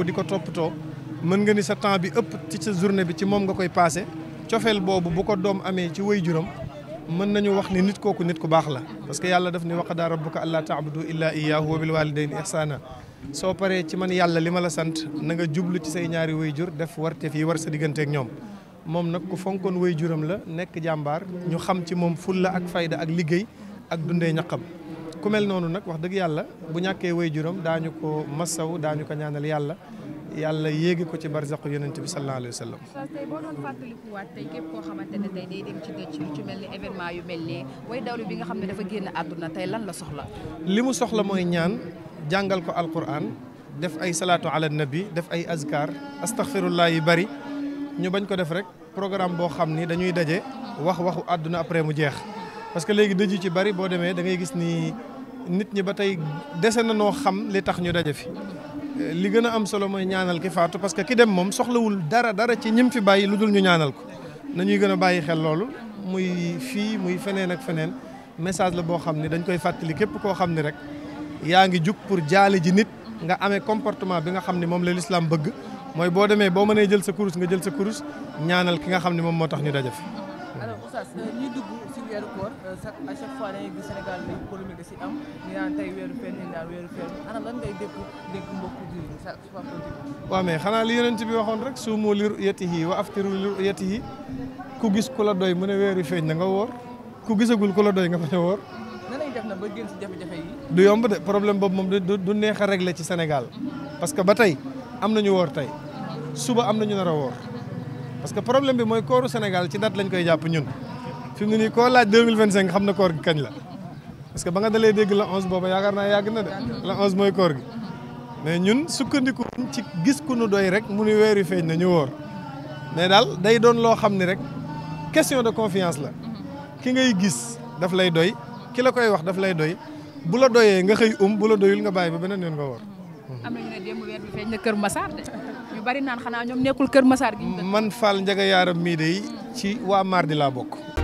taxawu di ko toppatoo mën nga ni sa temps bi ëpp ci sa journée bi ci moom nga koy paase cofeel boobu bu ko doom amee ci way juram mën nañu wax ni nit kooku nit ku baax la parce que yàlla daf ni waqadaa rabbuka allaa taabudu illaa iyyaahu wa bil waalidayni ihsaana soo paree ci man yàlla li ma la sant na nga jublu ci say ñaari way jur def warte fii war sa digganteek ñoom moom nag ku fonkoon way juram la nekk jàmbaar ñu xam ci moom fulla ak fayda ak liggéey ak dundee ñaqam ku mel noonu nag wax dëgg yàlla bu ñàkkee way juram daañu ko masaw daañu ko ñaanal yàlla yàlla yéegi ko ci barzaqu yonent bi sallallahu alayhi wa ci dëj lu ci mel ni bi nga xam ne dafa génn àdduna tey lan la soxla. li mu soxla mooy ñaan jàngal ko Alquran def ay salaatu ala nabi def ay azkar astaghfirullah yi bari ñu bañ ko def rek programme boo xam ni dañuy daje wax waxu àdduna après mu jeex. parce léegi dëj yu ci bari boo demee da gis ni nit ñi ba tey dese na noo xam li tax ñu daje fi li gën a am solo mooy ñaanal ki faatu parce que ki dem moom soxlawul dara dara ci ñim fi bàyyi lu dul ñu ñaanal ko nañuy gën a bàyyi xel loolu muy fii muy feneen ak feneen message la boo xam ne dañ koy fàttali képp koo xam ne rek yaa ngi jug pour jaale ji nit nga amee comportement bi nga xam ne moom la lislaam bëgg mooy boo demee boo mënee jël sa kurus nga jël sa kurus ñaanal ki nga xam ne moom moo tax ñu daje fi Oustaz euh, ñuy dugg si weeru mais xanaa li yonent bi waxoon rek suumu li ru'yatihi wa aftiru li ru'yatihi ku gis ku la doy mu ne weeri feeñ na nga woor ku gisagul ku la doy nga fa woor. du yomb de problème boobu moom du neex a régler ci senegal parce que ba tey am na ñu woor tey suba am nañu nar a woor parce que problème bi mooy kooru Sénégal ci date lañ koy jàpp ñun fi mu ne nii koo laaj deux mille vingt cinq xam na koor gi kañ la parce que ba nga dalee dégg la onze booba yaakaar naa yàgg na de la onze mooy koor gi mais ñun sukkandiku ci gis ku nu doy rek mu nu weeri feeñ na ñu woor mais daal day doon loo xam ni rek question de confiance la ki ngay gis daf lay doy ki la koy wax daf lay doy bu la doyee nga xëy um bu la doyul nga bàyyi ba beneen yoon nga wóor. am bari naan xanaa ñoom nekkul Kër Massar gi man Fall Ndiaga Yaaram mii de ci waa Mardi laa bokk.